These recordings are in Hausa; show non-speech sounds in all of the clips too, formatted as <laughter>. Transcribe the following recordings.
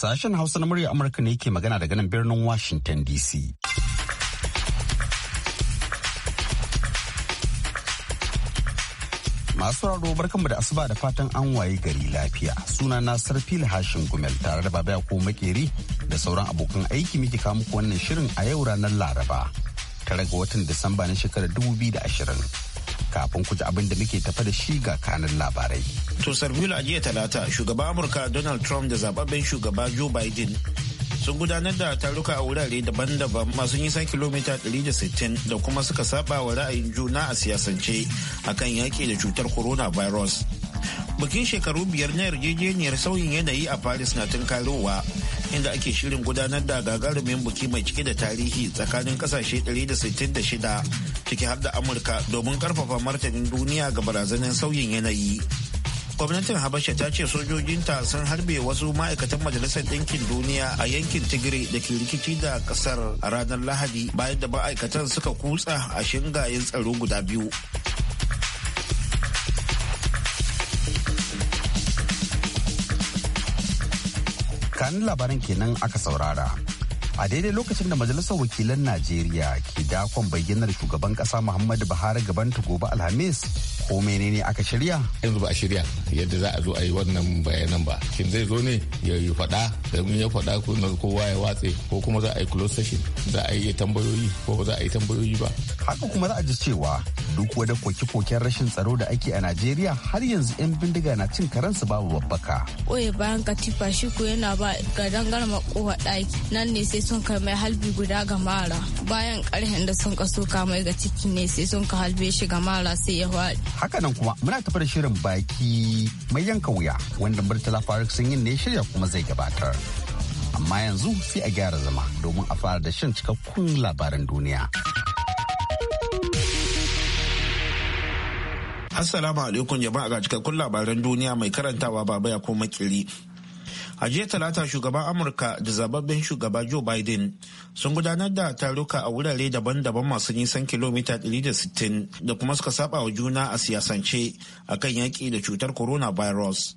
Sashen Hausa na murya Amurka ne ke magana daga nan birnin Washington DC. Masu raro barkanmu da asuba da fatan an waye gari lafiya. Suna na Sarfil Hashin Gumel tare da Baba ko Makeri da sauran abokan aiki miki kawo muku wannan shirin a yau ranar Laraba. Tare ga watan Disamba na shekarar 2020. kafin ku ji abin da muke tafa da shi ga kanin labarai. To Sarvila a jiya talata shugaban Amurka Donald Trump da zababben shugaba Joe Biden sun gudanar da taruka a wurare daban-daban masu nisan kilomita 160 da kuma suka saba wa ra'ayin juna a siyasance akan yaƙi da cutar corona virus. Bikin shekaru biyar na yarjejeniyar sauyin yanayi a Paris na tunkarowa inda ake shirin gudanar da gagarumin buki mai cike da tarihi tsakanin kasashe 166 ciki har da amurka domin karfafa martanin duniya ga barazanin sauyin yanayi gwamnatin habasha ta ce sojojinta sun harbe wasu ma'aikatan majalisar ɗinkin duniya a yankin tigiri da ke rikici da kasar a ranar lahadi bayan da ma'aikatan suka kutsa a shingayen tsaro guda biyu kanin labaran kenan aka saurara. A daidai lokacin da Majalisar Wakilan Najeriya ke dakon bayyanar shugaban kasa Muhammadu Buhari gaban gobe Alhamis ko menene aka shirya? Yanzu ba a shirya yadda za a zo a yi wannan bayanan ba. Shin zai zo ne ya yi faɗa domin ya faɗa kowa ya watse ko kuma za a yi close session za a yi tambayoyi ko ba za a yi tambayoyi ba. Haka kuma za a ji cewa duk wadda koke-koken rashin tsaro da ake a najeriya har yanzu 'yan bindiga na cin karansu babu babbaka oye bayan katifa shi ko yana ba gadan dangar makowa ɗaki nan ne sai sun kai mai halbi guda ga mara bayan karhen da sun kaso kamai ga ciki ne sai sun ka halbe shi ga mara sai ya faɗi hakanan kuma muna tafi da shirin baki mai yanka wuya wanda murtala faruk sun yi ne shirya kuma zai gabatar amma yanzu sai a gyara zama domin a fara da shan cikakkun labaran duniya. Assalamu alaikum jama'a ga cikakkun labaran duniya mai karantawa baba ya koma makiri. A jiya talata shugaban Amurka da zababben shugaba Joe Biden sun gudanar da taruka a wurare daban-daban masu nisan kilomita 160 da kuma suka saba wa juna a siyasance akan yaƙi da cutar coronavirus.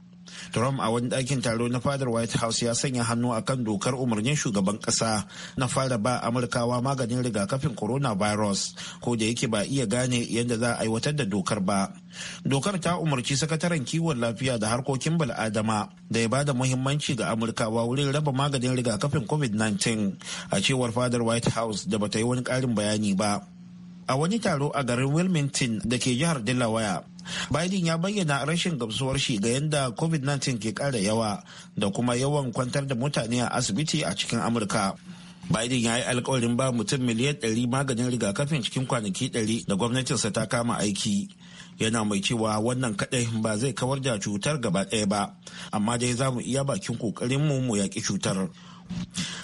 Trump a wani ɗakin taro na fadar White House ya sanya hannu a kan dokar umarnin shugaban ƙasa na fara ba Amurkawa maganin rigakafin coronavirus ko da yake ba iya gane yadda za a aiwatar da dokar ba. Dokar ta umarci sakataren kiwon lafiya da harkokin bal'adama da ya bada muhimmanci ga Amurkawa wurin raba maganin rigakafin COVID-19 a cewar fadar White House da bata yi wani ƙarin bayani ba. A wani taro a garin Wilmington da ke jihar Delaware, Biden ya bayyana rashin gamsuwar shi ga yadda COVID-19 ke ƙara yawa da kuma yawan kwantar da mutane a asibiti a cikin Amurka. Biden ya yi alkawarin ba mutum miliyan 100 maganin rigakafin cikin kwanaki 100 da gwamnatinsa ta kama aiki. Yana mai cewa wannan kadai ba zai kawar da cutar gaba ɗaya ba, amma dai za mu iya bakin ƙoƙarinmu mu yaƙi cutar.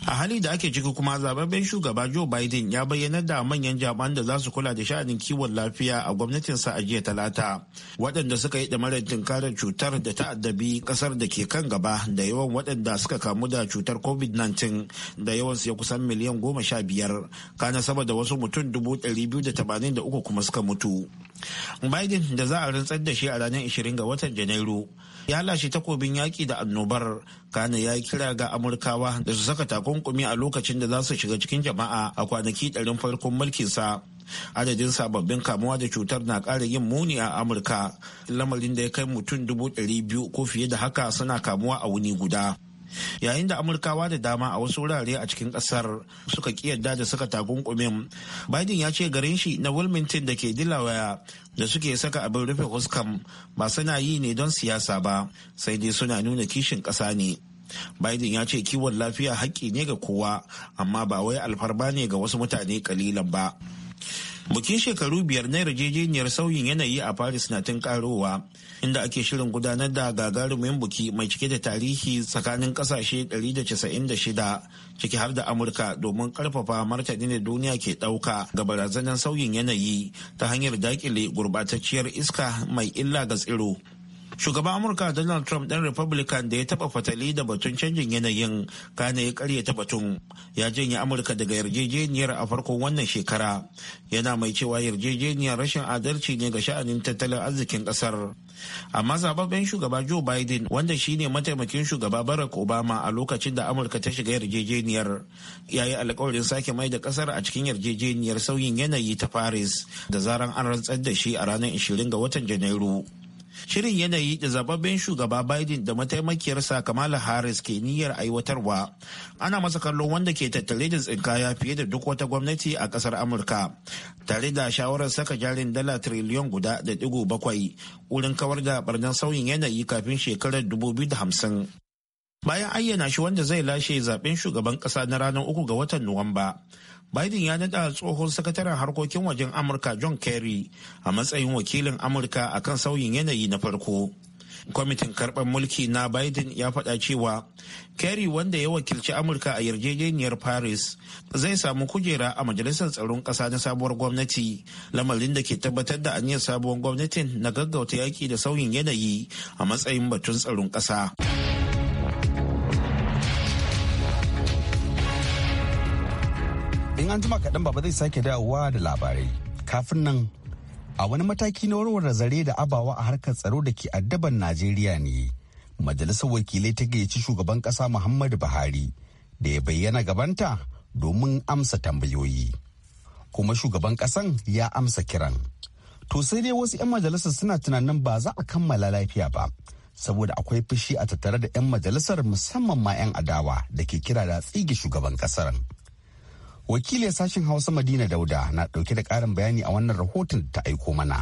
a hali da ake ciki kuma zababben shugaba joe biden ya bayyanar da manyan jaban da za su kula da sha'anin kiwon lafiya a gwamnatinsa a jiya talata waɗanda suka yi damarar tunkarar cutar da ta'addabi ƙasar da ke kan gaba da yawan waɗanda suka kamu da cutar covid-19 da yawan su ya kusan miliyan goma sha biyar kana sama da wasu mutum dubu ɗari biyu da da uku kuma suka mutu Biden da za a rantsar da shi a ranar 20 ga watan Janairu ya lashe takobin yaƙi da annobar kana ya yi kira ga Amurkawa da su saka takunkumi a lokacin da za su shiga cikin jama'a a kwanaki ɗarin farkon mulkinsa. Adadin sababbin kamuwa da cutar na ƙara yin muni a Amurka, lamarin da ya kai mutum dubu ɗari biyu ko fiye da haka suna kamuwa a wuni guda. yayin da amurkawa da dama a wasu wurare a cikin kasar suka kiyarda da saka takunkumin biden ya ce garin shi na wilmington da ke dilawaya da suke saka abin rufe huskam ba suna yi ne don siyasa ba sai dai suna nuna kishin kasa ne biden ya ce kiwon lafiya haƙƙi ne ga kowa amma ba wai alfarba ne ga wasu mutane kalilan ba Bukin shekaru biyar na yarjejeniyar sauyin yanayi a Paris na tun karowa, inda ake shirin gudanar da gagarumin buki mai cike da tarihi tsakanin kasashe 196 ciki har da Amurka domin karfafa martani da duniya ke dauka ga barazanar sauyin yanayi ta hanyar dakile gurbatacciyar iska mai illa ga tsiro. shugaban amurka donald trump ɗan republican da ya taɓa fatali da batun canjin yanayin kane ya karya ta batun ya janye amurka daga yarjejeniyar a farkon wannan shekara yana mai cewa yarjejeniyar rashin adalci ne ga sha'anin tattalin arzikin ƙasar amma zababben shugaba joe biden wanda shine mataimakin shugaba barack obama a lokacin da amurka ta shiga yarjejeniyar ya yi alkawarin sake mai da kasar a cikin yarjejeniyar sauyin yanayi ta paris da zaran an rantsar da shi a ranar 20 ga watan janairu shirin yanayi da zababben shugaba biden da mataimakiyarsa kamala harris ke niyyar aiwatarwa ana masa kallon wanda ke tattale da tsinkaya fiye da duk wata gwamnati a kasar amurka tare da shawarar saka jarin dala triliyon guda da digo bakwai wurin kawar da barnan sauyin yanayi kafin shekarar 2050 bayan ayyana shi wanda zai lashe zaben shugaban kasa na ranar uku ga watan nuwamba Biden ya nada tsohon sakataren harkokin wajen Amurka John Kerry a matsayin wakilin Amurka a kan sauyin yanayi na farko. Kwamitin karɓar mulki na Biden ya faɗa cewa Kerry wanda ya wakilci Amurka a yarjejeniyar Paris zai samu kujera a Majalisar Tsaron Ƙasa na sabuwar gwamnati, lamarin da ke tabbatar da aniyar sabuwar gwamnatin na gaggauta yaƙi da sauyin yanayi a matsayin batun tsaron ƙasa. an jima kaɗan baba zai sake dawowa da labarai kafin nan a wani mataki na warware zare da abawa a harkar tsaro da ke addaban najeriya ne majalisar wakilai ta gayyaci shugaban ƙasa muhammadu buhari da ya bayyana gabanta domin amsa tambayoyi kuma shugaban ƙasan ya amsa kiran to sai dai wasu 'yan majalisar suna tunanin ba za a kammala lafiya ba saboda akwai fushi a tattare da 'yan majalisar musamman ma 'yan adawa da ke kira da tsige shugaban ƙasar. wakilin sashen hausa madina dauda na dauke da karin bayani a wannan rahoton ta aiko mana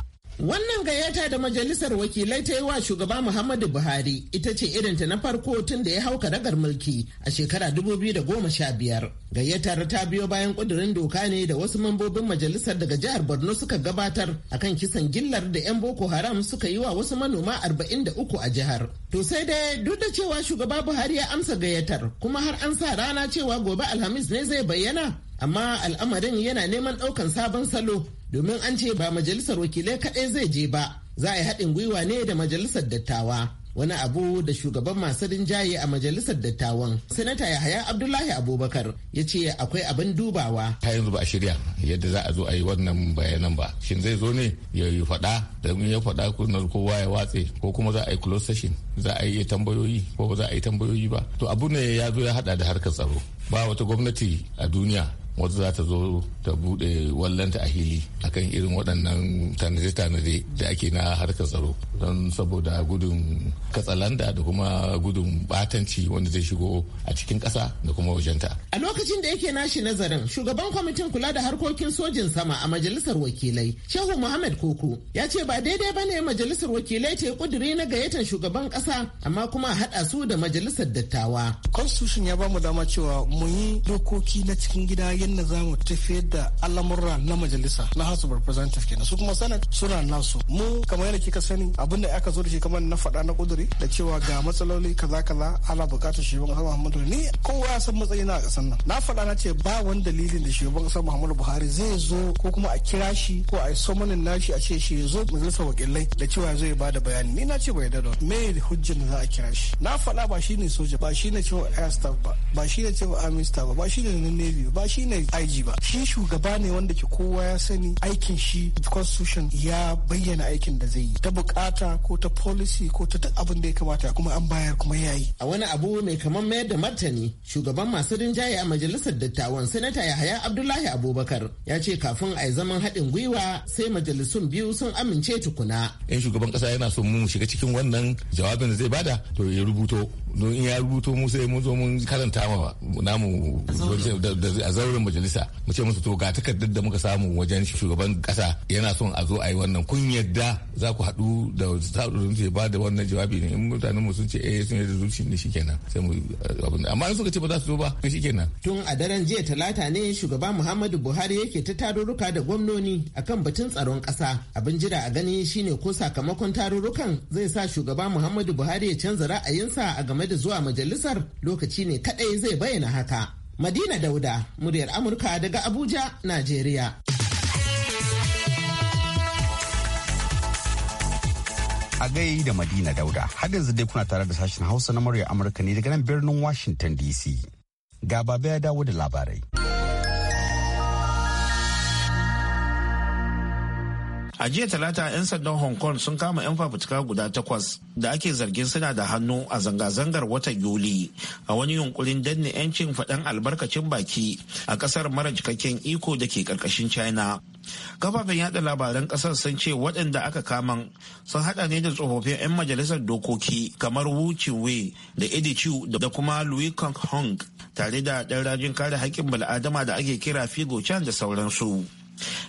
Wannan gayyata da majalisar wakilai ta yi wa shugaba Muhammadu Buhari ita ce irinta na farko tun da ya hau karagar mulki a shekara 2015. Gayyatar ta biyo bayan kudirin doka ne da wasu mambobin majalisar daga jihar Borno suka gabatar akan kisan gillar da 'yan Boko Haram suka yi wa wasu manoma 43 a jihar. To sai dai duk da cewa shugaba Buhari ya amsa gayyatar kuma har an sa rana cewa gobe Alhamis ne zai bayyana amma al'amarin yana neman ɗaukan sabon salo domin an ce ba majalisar wakilai kaɗai zai je ba za a yi haɗin gwiwa ne da majalisar dattawa wani abu da shugaban masu rinjaye a majalisar dattawan sanata yahaya abdullahi abubakar ya ce akwai abin dubawa ta yanzu ba a shirya yadda za a zo a yi wannan bayanan ba shin zai zo ne ya yi faɗa da ya faɗa kunar kowa ya watse ko kuma za a yi close session za a yi tambayoyi ko ba za a yi tambayoyi ba to abu ne ya zo ya haɗa da harkar tsaro ba wata gwamnati a duniya wata za ta zo ta bude wallanta a hili akan irin waɗannan tanade-tanade da ake na harkar tsaro don saboda gudun katsalanda da kuma gudun batanci wanda zai shigo a cikin ƙasa da kuma wajenta. A lokacin da yake nashi nazarin shugaban kwamitin kula da harkokin sojin sama a majalisar wakilai Shehu Muhammad Koko ya ce ba daidai ba ne majalisar wakilai ta kuduri na gayyatar shugaban ƙasa amma kuma haɗa su da majalisar dattawa. Constitution ya ba mu dama cewa mun yi dokoki na cikin gida yadda za mu tafiyar da al'amurra na majalisa na house of representatives kenan su kuma senate suna nasu mu kamar yadda kika sani abin da aka zo da shi kamar na faɗa na kuduri da cewa ga matsaloli kaza kaza ana buƙatar shugaban ƙasa muhammadu ni kowa ya san matsayi na a ƙasar nan na faɗa na ce ba wani dalilin da shugaban ƙasar muhammadu buhari zai zo ko kuma a kira shi ko a yi somanin nashi a ce shi ya zo majalisar wakilai da cewa zai ba da bayani ni na ce bai da me hujjar da za a kira shi na faɗa ba shi ne soja ba shi ne cewa air staff ba ba ne cewa army staff ba ba ne ne navy ba ne. ne IG ba shi shugaba ne wanda ke kowa ya sani aikin shi constitution ya bayyana aikin da zai yi ta bukata ko ta policy ko ta duk abin da ya kamata kuma an bayar kuma ya yi. A wani abu mai kamar mayar da martani shugaban masu rinjaye a majalisar dattawan sanata Yahaya Abdullahi Abubakar ya ce kafin a yi zaman haɗin gwiwa sai majalisun biyu sun amince tukuna. In shugaban kasa yana son mu shiga cikin wannan jawabin da zai bada to ya rubuto don in ya rubuto mu sai mun zo mun karanta ma namu a zauren majalisa mu ce musu to ga takardar da muka samu wajen shugaban kasa yana son a zo a yi wannan kun yadda za ku haɗu da sauran ce ba da wannan jawabi ne in mutanen mu sun ce eh sun yadda zuci ne shikenan sai mu eh, abin amma in suka ce ba za su zo ba shikenan tun a daren jiya talata ne shugaba Muhammadu Buhari yake ta tarurruka da gwamnoni akan batun tsaron kasa abin jira a gani shine ko sakamakon tarurrukan zai sa shugaba Muhammadu Buhari ya canza ra'ayinsa a game game da zuwa majalisar lokaci ne kadai zai bayyana haka. Madina Dauda, muryar Amurka daga Abuja, Najeriya. A gai da Madina Dauda, har yanzu dai kuna tare da sashen Hausa na muryar Amurka ne daga nan birnin Washington DC. Ga babu ya dawo da labarai. a jiya talata 'yan sandan hong kong sun kama 'yan fafutuka guda takwas da ake zargin suna da hannu a zanga-zangar watan yuli a wani yunkurin danne 'yancin faɗan albarkacin baki a ƙasar mara cikakken iko da ke ƙarƙashin china kafafen yada labaran ƙasar sun ce waɗanda aka kama sun haɗa ne da tsofaffin 'yan majalisar dokoki kamar wu chiwe da edichu da kuma louis kong hong tare da ɗan rajin kare haƙƙin bal'adama da ake kira figo chan da sauransu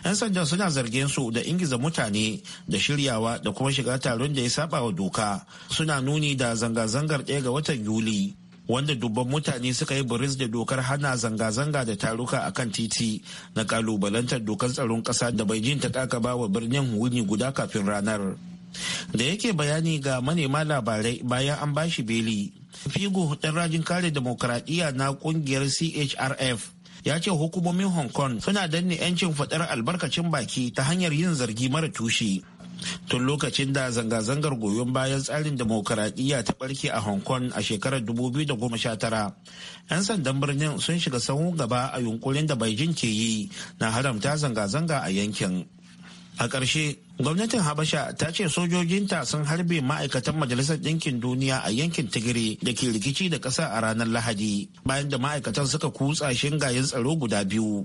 'yan sandan suna zargin su da ingiza mutane da shiryawa da kuma shiga taron da ya saba wa doka suna nuni da zanga-zangar ɗaya ga watan yuli wanda dubban mutane suka yi buris da dokar hana zanga-zanga da taruka a kan titi na kalubalantar dokar tsaron ƙasa da beijing ta ba wa birnin wuni guda kafin ranar da yake bayani ga manema labarai bayan an bashi beli figo ɗan rajin kare demokradiyya na ƙungiyar chrf ya ce hukumomin hong kong suna danne 'yancin faɗar albarkacin baki ta hanyar yin zargi mara tushe tun lokacin da zanga-zangar goyon bayan tsarin demokaradiyya ta ɓarke a hong kong a shekarar 2019 'yan sandan birnin sun shiga sahun gaba a yunkurin da beijing ke yi na haramta zanga-zanga a yankin a ƙarshe gwamnatin habasha ta ce sojojinta sun harbe ma'aikatan majalisar ɗinkin duniya a yankin tigiri da ke rikici da ƙasa a ranar lahadi bayan da ma'aikatan suka kutsa shingayen tsaro guda biyu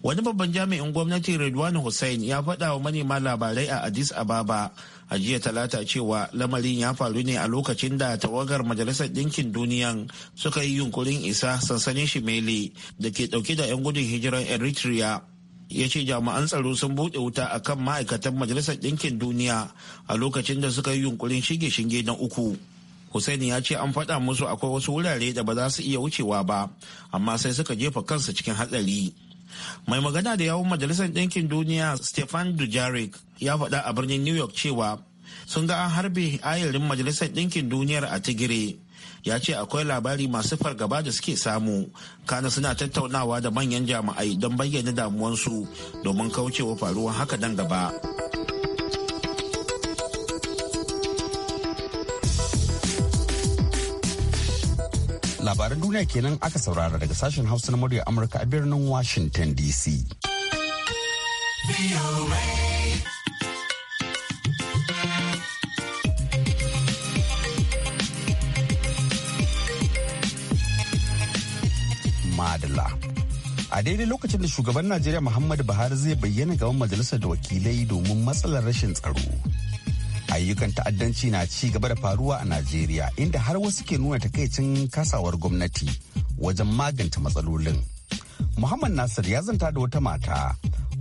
wani babban jami'in gwamnati redwani hussein ya faɗa wa manema labarai a addis ababa a jiya talata cewa lamarin ya faru ne a lokacin da tawagar majalisar ɗinkin duniyan suka yi yunkurin isa sansanin shimele da ke ɗauke da 'yan gudun hijirar eritrea ya ce jami'an tsaro sun buɗe wuta a kan ma'aikatan majalisar ɗinkin duniya a lokacin da suka yi yunkurin shige-shinge na uku Hussaini ya ce an faɗa musu akwai wasu wurare da ba za su iya wucewa ba amma sai suka jefa kansu cikin hatsari mai magana da yawun majalisar ɗinkin duniya stefan dujaric ya faɗa a birnin new york cewa sun ga an harbe ayarin majalisar ɗinkin duniyar a tigire ya ce akwai labari masu fargaba da suke samu kana suna tattaunawa da manyan jami'ai don bayyana damuwansu domin kaucewa faruwan haka nan gaba labaran duniya kenan aka saurara daga sashen hausa na murya amurka a birnin washington dc a daidai lokacin da shugaban najeriya muhammadu buhari zai bayyana gaban majalisar da wakilai domin matsalar rashin tsaro ayyukan ta'addanci na ci gaba da faruwa a najeriya inda har wasu ke nuna takaicin kasawar gwamnati wajen magance matsalolin muhammad nasir ya zanta da wata mata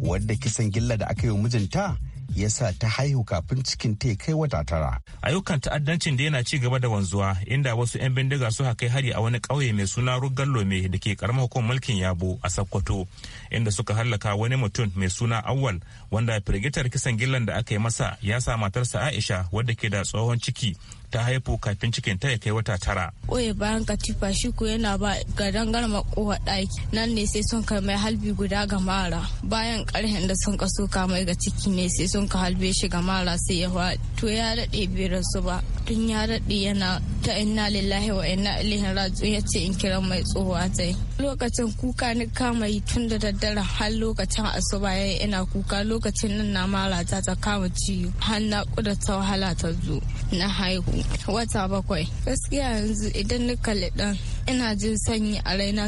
wadda kisan gilla da aka yi mijinta yasa ta haihu kafin cikin ta kai wata tara. Ayyukan ta'addancin da yana ci gaba da wanzuwa inda wasu 'yan bindiga suka kai hari a wani ƙauye mai suna Rugar Lome da ke karamar hukumar mulkin Yabo a Sokoto inda suka hallaka wani mutum mai suna Awwal wanda firgitar kisan gillan da aka yi masa ya sa matarsa Aisha wadda ke da tsohon ciki ta haifu kafin cikin ta ya kai wata tara. Oye bayan katifa shi ko yana ba ga garma kowa ɗaki nan ne sai sun kai mai halbi guda ga mara bayan karhen da sun kaso mai ga ciki ne sai sun ka halbe shi ga mara sai ya faɗi to ya daɗe bai su ba tun ya daɗe yana ta inna lillahi wa inna ilaihi raji'un ya ce in kira mai tsohuwa ta yi. Lokacin kuka ni kama yi tun da daddare har lokacin asuba ya ina kuka lokacin nan na mara ta ta kama ciwo har na ta wahala ta zo na haihu. wata bakwai gaskiya yanzu idan na kalli dan ina jin sanyi a raina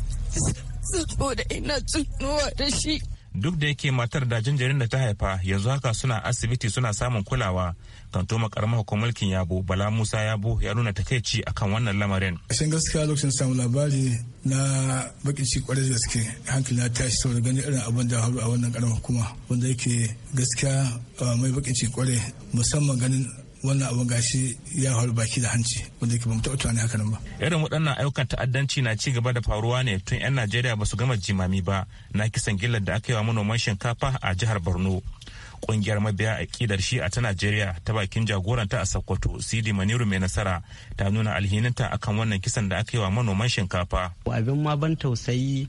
<laughs> saboda ina tunuwa da shi duk da yake matar da jinjirin da ta haifa yanzu haka suna asibiti suna samun kulawa kan toma karamar mulkin yabo bala musa yabo ya nuna takaici akan wannan lamarin shin gaskiya lokacin samu labari na bakin ci kwarai da gaske hankali na tashi saboda ganin irin abin da haru a wannan karamar hukuma wanda yake gaskiya ah, mai bakin ci kwarai musamman ganin wannan abin gashi ya faru baki da hanci wanda yake ba mu taɓa tunani haka nan ba. Irin waɗannan ayyukan ta'addanci na ci gaba da faruwa ne tun 'yan Najeriya ba su gama jimami ba na kisan gillar da aka yi wa manoman shinkafa a jihar Borno. Ƙungiyar mabiya aƙidar shi a ta Najeriya ta bakin jagoranta a Sokoto Sidi Maniru mai nasara ta nuna alhininta akan wannan kisan da aka yi wa manoman shinkafa. Abin ma ban tausayi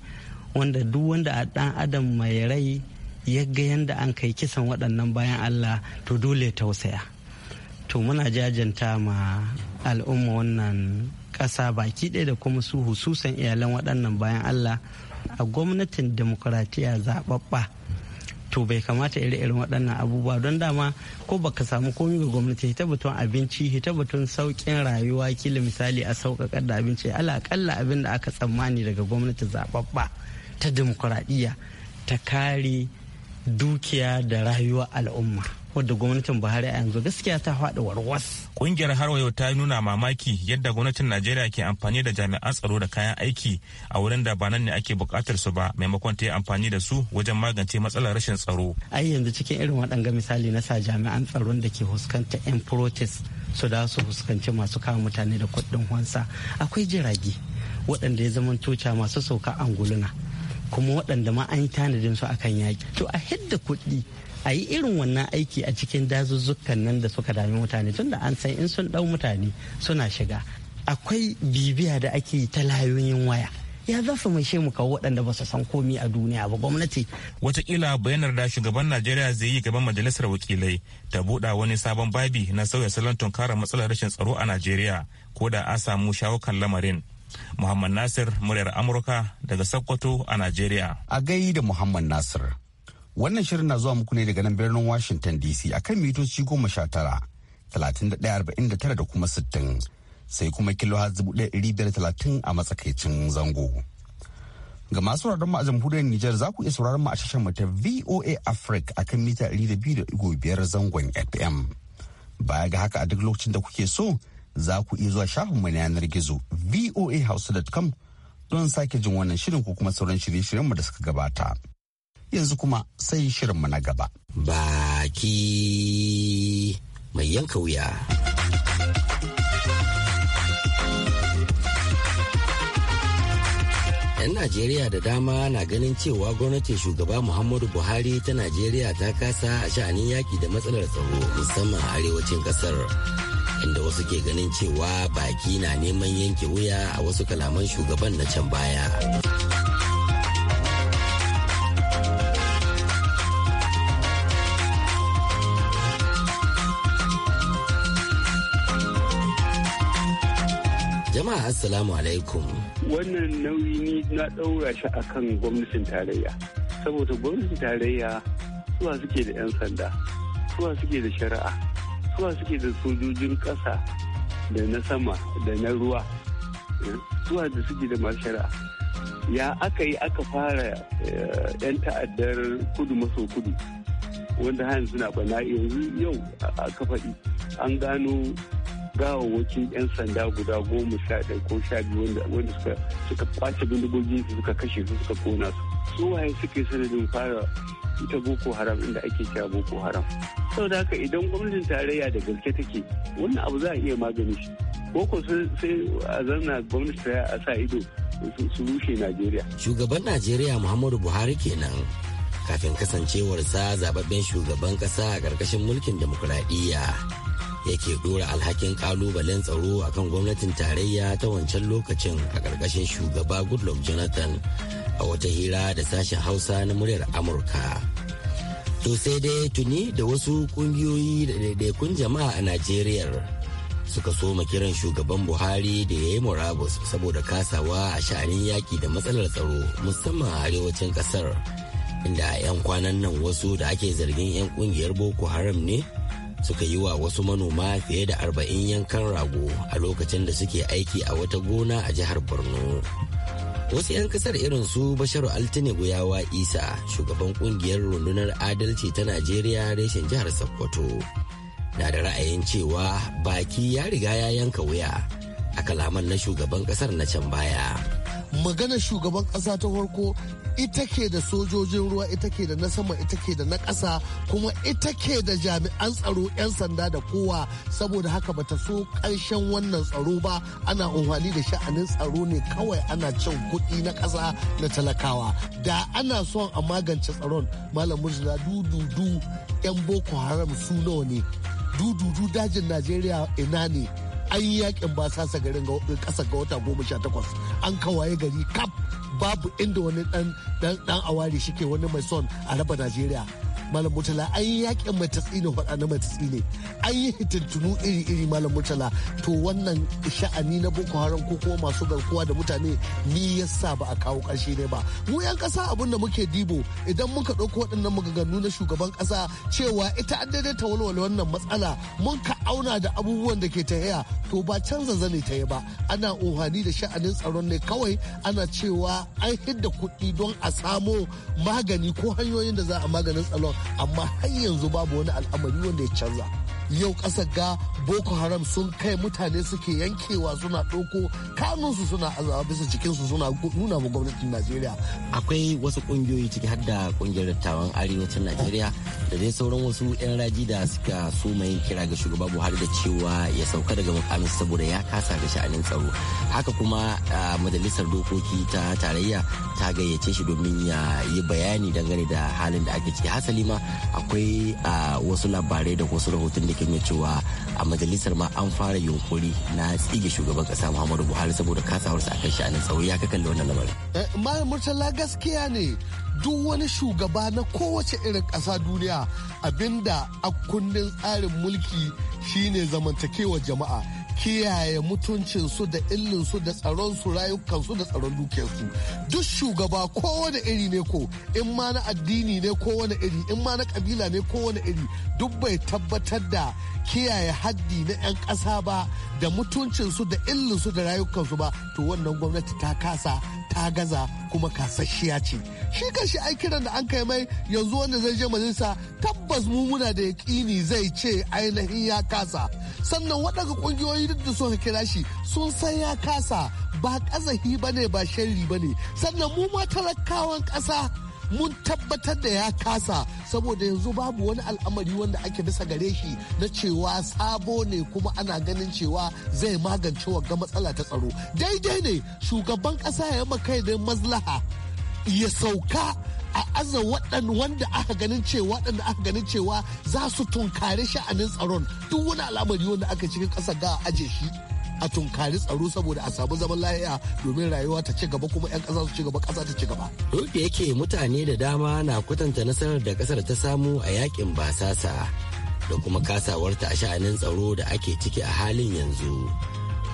wanda duk wanda a ɗan adam mai rai ya ga yadda an kai kisan waɗannan bayan Allah to dole tausaya. to muna jajanta ma al'umma wannan ƙasa baki ɗaya da kuma su hususan iyalan waɗannan bayan allah a gwamnatin demokuratiya zaɓaɓɓa to bai kamata iri irin waɗannan abubuwa don dama ko baka samu komi ga gwamnati hita batun abinci hita batun sauƙin rayuwa kila misali a sauƙaƙar da abinci alaƙalla abin da aka tsammani daga gwamnati zaɓaɓɓa ta demokuraɗiyya ta kare dukiya da rayuwar al'umma wadda gwamnatin buhari a yanzu gaskiya ta faɗi warwas kungiyar har yau ta nuna mamaki yadda gwamnatin najeriya ke amfani da jami'an tsaro da kayan aiki a wurin da ba nan ne ake buƙatar su ba maimakon ta yi amfani da su wajen magance matsalar rashin tsaro ai yanzu cikin irin waɗanga misali na sa jami'an tsaron da ke huskanta 'yan protest su da su fuskanci masu kama mutane da kuɗin wansa akwai jirage waɗanda ya zama tuca masu sauka anguluna kuma waɗanda ma an yi tanadin su akan yaƙi to a hidda kuɗi a yi irin wannan aiki a cikin dazuzzukan nan da suka dami mutane tunda an san in sun dau mutane suna shiga akwai bibiya da ake yi ta layoyin waya ya za su maishe mu kawo waɗanda ba su san komi a duniya ba gwamnati. Wataƙila bayanar da shugaban Najeriya zai yi gaban majalisar wakilai ta buɗa wani sabon babi na sauya salon tunkara matsalar rashin tsaro a Najeriya ko da a samu shawo lamarin. Muhammad Nasir muryar Amurka daga Sokoto a Najeriya. A gai Muhammad Nasir. Wannan shirin na zuwa muku ne daga nan birnin Washington DC a kan mitoci goma sha tara, talatin da ɗaya arba'in da tara da kuma sittin, sai kuma kilo dubu ɗaya ɗari biyar talatin a matsakaicin zango. Ga masu sauraron mu a jamhuriyar Nijar za ku iya sauraron mu a tashar mu ta VOA Africa akan mita ɗari da biyu da ɗigo biyar zangon FM. Baya ga haka a duk lokacin da kuke so za ku iya zuwa shafin mu na yanar gizo voahouse.com don sake jin wannan shirin ko kuma sauran shirye-shiryen mu da suka gabata. yanzu kuma sai shirinmu na gaba. Baki mai yanka wuya. ‘Yan Najeriya da dama na ganin cewa gwamnatin shugaba Muhammadu Buhari ta Najeriya ta kasa a sha'anin yaƙi da matsalar tsaro musamman a arewacin ƙasar. Inda wasu ke ganin cewa baki na neman yanke wuya a wasu kalaman shugaban na can baya. assalamu alaikum wannan nauyi ni na ɗaura shi a kan gwamnatin tarayya saboda gwamnatin tarayya suwa suke da 'yan sanda suwa suke da shari'a suwa suke da sojojin ƙasa da na sama da na ruwa eh, suwa da suke da masu shari'a ya aka yi aka fara eh, 'yan ta'addar kudu maso kudu wanda hannu suna bana yanzu yau aka faɗi an gano gawawwakin 'yan sanda guda goma sha ɗaya ko sha biyu wanda suka kwace bindigogin su suka kashe su suka kona su su waye suke sanadin fara ita boko haram inda ake kira boko haram da haka idan gwamnatin tarayya da gaske take wannan abu za a iya magani shi boko sai a zanna gwamnati ta a sa ido su rushe najeriya shugaban najeriya muhammadu buhari kenan kafin kasancewarsa zababben shugaban kasa a karkashin mulkin demokuraɗiyya yake dora alhakin kalubalen tsaro akan gwamnatin tarayya ta wancan lokacin a ƙarƙashin shugaba goodluck jonathan a wata hira da sashen hausa na muryar amurka to sai dai tuni da wasu ƙungiyoyi da daidaikun jama'a a najeriya suka soma kiran shugaban buhari da ya yi murabus saboda kasawa a sha'anin yaƙi da matsalar tsaro musamman a arewacin ƙasar inda 'yan kwanan nan wasu da ake zargin 'yan ƙungiyar boko haram ne suka yi wa wasu manoma fiye da arba'in yankan rago a lokacin da suke aiki a wata gona a jihar borno wasu 'yan kasar irin su basharu altine guyawa isa shugaban kungiyar rundunar adalci ta najeriya reshen jihar sokoto na da ra'ayin cewa baki ya riga ya yanka wuya a kalaman na shugaban kasar na can baya. magana shugaban ƙasa ta farko ita ke da sojojin ruwa ita ke da na sama ita ke da na ƙasa kuma ita ke da jami'an tsaro 'yan sanda da kowa saboda haka bata so ƙarshen wannan tsaro ba ana unhwani da sha'anin tsaro ne kawai ana cin kuɗi na ƙasa na talakawa da ana son a magance tsaron malam murtala dududu 'yan boko haram su nawa ne dududu dajin najeriya ina ne an yi yakin ba sasa garin kasa ga wata goma sha takwas an kawaye gari kaf babu inda wani dan dan awari shike wani mai son a raba najeriya malam murtala an yi yakin matatsi ne faɗa na matatsi ne an yi hitattunu iri-iri malam murtala to wannan sha'ani na boko haram ko kuma masu garkuwa da mutane ni yasa ba a kawo ƙarshe ne ba mu yan ƙasa abin da muke dibo idan muka ɗauko waɗannan maganganu na shugaban ƙasa cewa ita an ta walwala wannan matsala mun ka auna da abubuwan da ke ta tahiya to ba canza zane ta yi ba ana ohani da sha'anin tsaron ne kawai ana cewa an hidda kuɗi don a samo magani ko hanyoyin da za a maganin tsaron amma har yanzu babu wani al'amari wanda ya canza yau ƙasar ga boko haram sun kai mutane suke yankewa suna ɗauko kanunsu suna azawa bisa jikinsu suna nuna ma gwamnatin najeriya akwai wasu ƙungiyoyi ciki har da ƙungiyar dattawan arewacin najeriya da dai sauran wasu 'yan raji da suka so mai kira ga shugaba buhari da cewa ya sauka daga mukamin saboda ya kasa ga sha'anin tsaro haka kuma majalisar dokoki ta tarayya ta gayyace shi domin ya yi bayani dangane da halin da ake ciki hasali ma akwai wasu labarai da wasu rahoton da don ya cewa a majalisar ma an fara yunkuri na tsige shugaban kasa muhammadu buhari saboda kasawarsa akan nan tsaro ya kakan wannan lamarin. Eh, malam murtala gaskiya ne duk wani shugaba na kowace irin kasa duniya abinda a kundin tsarin mulki shine zamantakewa jama'a kiyaye mutuncinsu da illinsu da tsaronsu rayukansu da tsaron dukiyarsu duk shugaba kowane iri ne ko in ma na addini ne kowane iri in ma na kabila ne kowane iri duk bai tabbatar da kiyaye haddi na 'yan ƙasa ba da mutuncinsu da illinsu da rayukansu ba to wannan gwamnati ta kasa ta gaza kuma kasashiya ce shi kan shi ai kiran da an kai mai yanzu wanda zai je majalisa tabbas mu muna da yaƙini zai ce ainihin ya kasa sannan waɗanda ƙungiyoyi duk da suka kira shi sun san ya kasa ba ƙazahi ba ne ba shari ba ne sannan mu ma talakawan ƙasa mun tabbatar da ya kasa saboda yanzu babu wani al'amari wanda ake bisa gare shi na cewa sabo ne kuma ana ganin cewa zai magance wa matsala ta tsaro daidai ne shugaban ƙasa ya makai da maslaha ya sauka a aza waɗanda wanda aka ganin cewa waɗanda aka ganin cewa za su tunkari sha'anin tsaron duk wani al'amari wanda aka cikin ƙasa ga aje shi a tunkari tsaro saboda a samu zaman lafiya domin rayuwa ta ci gaba kuma 'yan ƙasa su ci gaba ƙasa ta ci gaba. Duk da yake mutane da dama na kwatanta nasarar da ƙasar ta samu a yakin basasa da kuma kasawarta a sha'anin tsaro da ake ciki a halin yanzu.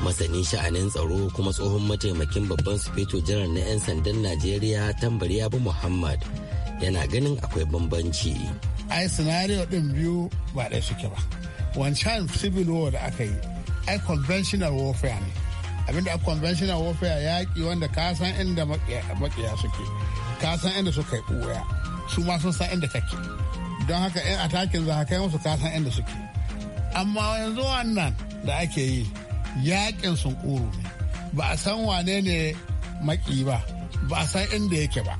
masani sha'anin tsaro kuma tsohon mataimakin babban sufeto jiran na 'yan sandan najeriya tambari abu muhammad yana ganin akwai bambanci ai scenario din biyu ba ɗaya suke ba wancan civil war da aka yi ai conventional warfare ne abinda a conventional warfare yaƙi wanda ka san inda makiya suke ka san inda suka yi ɓuya su ma sun san inda kake don haka yan atakin za ka kai musu ka san inda suke amma yanzu wannan da ake yi yakin sun ne ba a san wane ne maki ba ba a san inda yake ba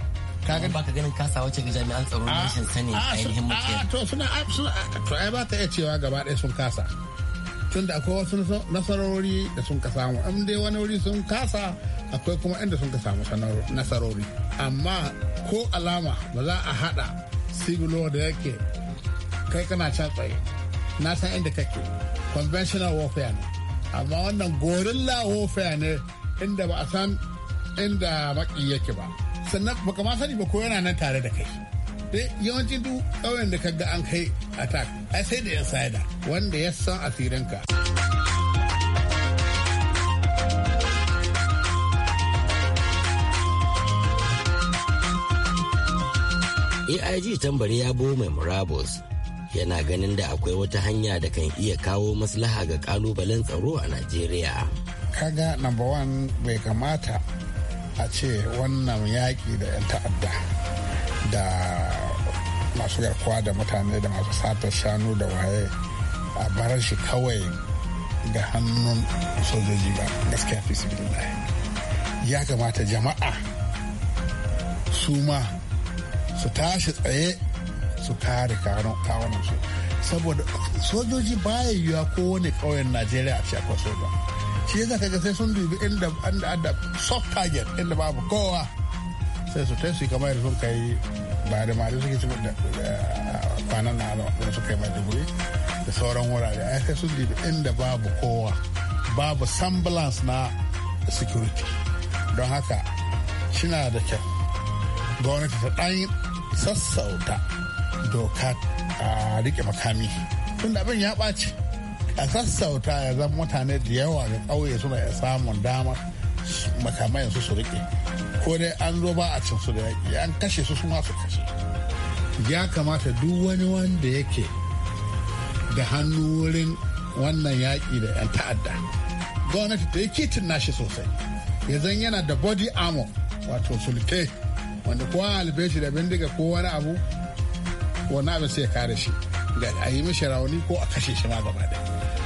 kaga ba ka ganin kasa wace ga jami'an tsaro na ah, rashin sani ah, ainihin a ah, to suna to ai ba ta iya cewa gaba ɗaya sun kasa tun da akwai wasu nasarori da sun ka samu in dai wani wuri sun kasa akwai kuma inda sun ka samu nasarori amma ko alama ba za a hada sibilo da yake kai kana can tsaye na san inda kake conventional warfare ne amma wannan gorilla warfare ne inda ba a san inda maki yake ba sannan baka ma sani ba ko yana nan tare da kai dai yawancin duk ƙauyen da kaga an kai attack ai sai da yan sada wanda ya san asirinka aig tambari ya bo mai murabus yana ganin da akwai wata hanya da kan iya kawo maslaha ga kalubalen tsaro a najeriya kaga number one bai kamata a ce wannan yaƙi da 'yan ta'adda da masu garkuwa da mutane da masu satar shanu da waye a barar shi kawai ga hannun sojoji ba gaskiya fi su ya kamata jama'a su ma su tashi tsaye su kare kawunan su saboda sojoji baya yiwuwa kowane ƙauyen najeriya a ce akwai soja shi yasa kaga sai sun dubi inda da soft target inda babu kowa sai su tai su kamar sun kai ba da mali suke cikin da kwanan na da su kai dubu da sauran wurare ai sai sun dubi inda babu kowa babu semblance na security don haka shina da kyau gwamnati ta ɗan sassauta doka a rike makami tunda abin ya ɓaci a sassauta ya zama mutane da yawa ga ƙauye suna ya samun dama makamai su su rike ko dai an zo ba a cin su da yaƙi an kashe su su masu kashe ya kamata duk wani wanda yake da hannu wurin wannan yaƙi da 'yan ta'adda gwamnati ta yi kitin nashi sosai ya zan yana da body armor wato sulke wanda kowa albe da bindiga ko wani abu wani abin sai ya kare shi ga a yi mishi rauni ko a kashe shi ma gaba da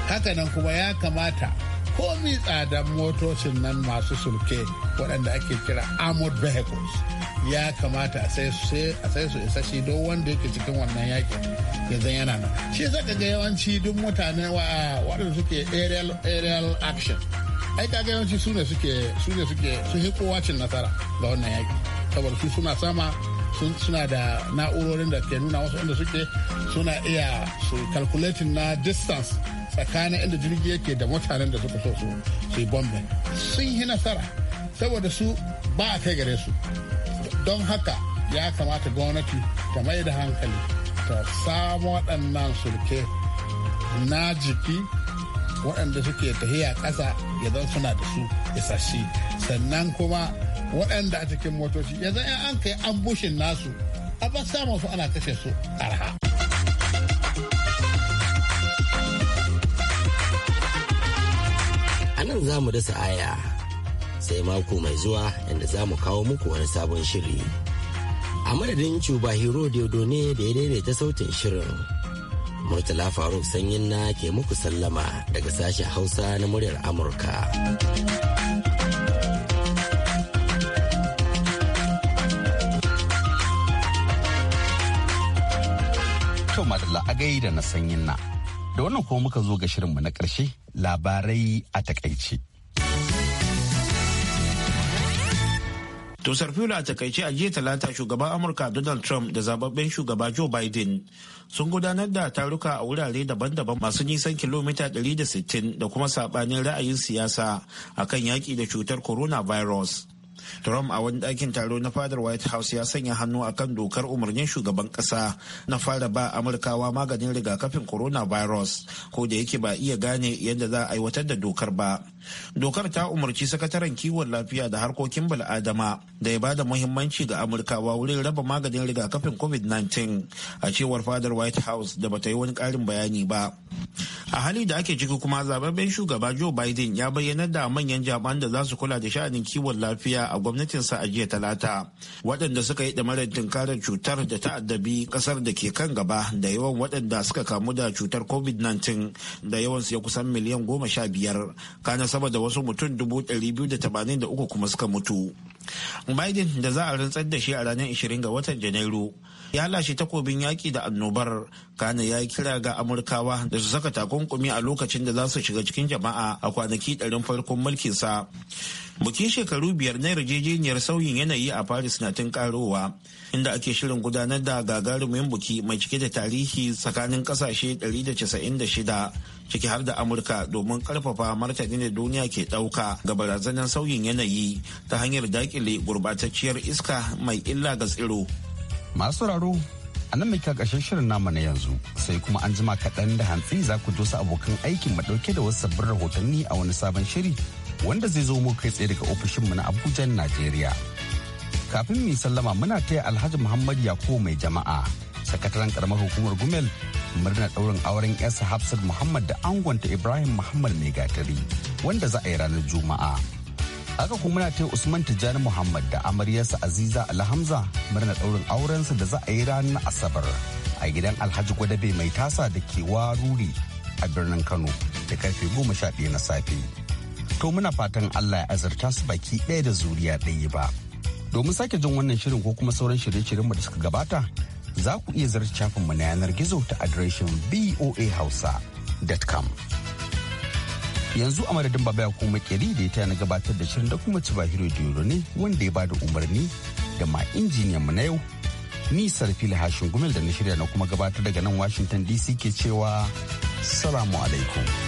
haka nan kuma ya kamata mi tsadan motocin nan masu sulke waɗanda ake kira armored vehicles ya kamata a sai su isa shi don wanda yake cikin wannan ya zan yana nan shi zaka ga yawanci duk mutane waɗanda suke aerial action ai kaga yawanci su ne suke su ne suke su kowa cin nasara ga wannan yaki saboda su suna sama sun suna da na'urorin da ke nuna wasu inda suke suna iya su calculating na distance tsakanin inda jirgi yake da mutanen da suka so su su yi sun yi nasara saboda su ba a kai gare su don haka ya kamata gwamnati ta mai da hankali ta samu waɗannan sulke na jiki waɗanda suke tahiya ƙasa ya zan suna da su isashi sannan kuma waɗanda a cikin motoci yanzu in an kai ambushin nasu a ba sa su ana kashe su arha a nan za mu dasa aya sai mako mai zuwa inda za mu kawo muku wani sabon shiri a madadin cuba hero diodo ne da ya daidaita sautin shirin murtala faruk sanyin na ke muku sallama daga sashen hausa na muryar amurka to madalla a da na sanyin na. Da wannan kuma muka zo ga shirinmu na ƙarshe labarai a takaice. Tosar Fula a takaice a jiya talata shugaban Amurka Donald Trump da zababben shugaba Joe Biden sun gudanar da taruka a wurare daban-daban masu nisan kilomita 160 da kuma saɓanin ra'ayin siyasa akan yaƙi da cutar coronavirus. Trump a wani ɗakin taro na fadar White House ya sanya hannu a kan dokar umarnin shugaban ƙasa na fara ba Amurkawa maganin rigakafin coronavirus ko da yake ba iya gane yadda za a aiwatar da dokar ba. Dokar ta umarci sakataren kiwon lafiya da harkokin bal'adama da ya bada muhimmanci ga Amurkawa wurin raba maganin rigakafin COVID-19 a cewar fadar White House da bata yi wani ƙarin bayani ba. A hali da ake ciki kuma zababben shugaba Joe Biden ya bayyana da manyan jaban da za su kula da sha'anin kiwon lafiya a a gwamnatinsa a jiya talata waɗanda suka yi ɗamarin tunkarar cutar da ta addabi ƙasar da ke kan gaba da yawan waɗanda suka kamu da cutar covid-19 da yawansu ya kusan miliyan goma sha biyar kana sama da wasu mutum dubu ɗari biyu da tamanin da uku kuma suka mutu biden da za a rantsar da shi a ranar 20 ga watan janairu ya lashe takobin yaki da annobar kana ya yi kira ga amurkawa da su saka takunkumi a lokacin da za su shiga cikin jama'a a kwanaki ɗarin farkon mulkinsa bikin shekaru biyar na yarjejeniyar sauyin yanayi a paris na tun karowa inda ake shirin gudanar da gagarumin buki mai cike da tarihi tsakanin kasashe 196 ciki har da amurka domin karfafa martani da duniya ke dauka ga barazanar sauyin yanayi ta hanyar dakile gurbatacciyar iska mai illa ga tsiro masu sauraro a nan mai kakashin shirin namu na yanzu sai kuma an jima kaɗan da hantsi za ku dosa abokan aikin maɗauke da wasu sabbin rahotanni a wani sabon shiri wanda zai zo mu kai tsaye daga ofishinmu na abuja najeriya kafin mu sallama muna taya alhaji muhammad yakubu mai jama'a sakataren karamar hukumar gumel murnar ɗaurin auren yasa hafsat muhammad da angonta ibrahim muhammad mai gatari wanda za a yi ranar juma'a Aka kuma muna taya usman tijjani muhammad da amaryarsa aziza alhamza murna daurin aurensa da za a yi ranar asabar a gidan alhaji gwadabe mai tasa da ke waruri a birnin kano da karfe goma sha ɗaya na safe to muna fatan allah ya azurta su baki ɗaya da zuriya ɗaya ba domin sake jin wannan shirin ko kuma sauran shirye-shiryenmu da suka gabata za ku iya zarta shafinmu na yanar gizo ta adireshin voahausa.com yanzu a madadin baba ya kuma kiri da ita na gabatar da shirin da kuma ci bahiro diyo ne wanda ya bada umarni da ma injiniyan mu na yau ni sarfil hashin gumel da na shirya na kuma gabatar daga nan washington dc ke cewa salamu alaikum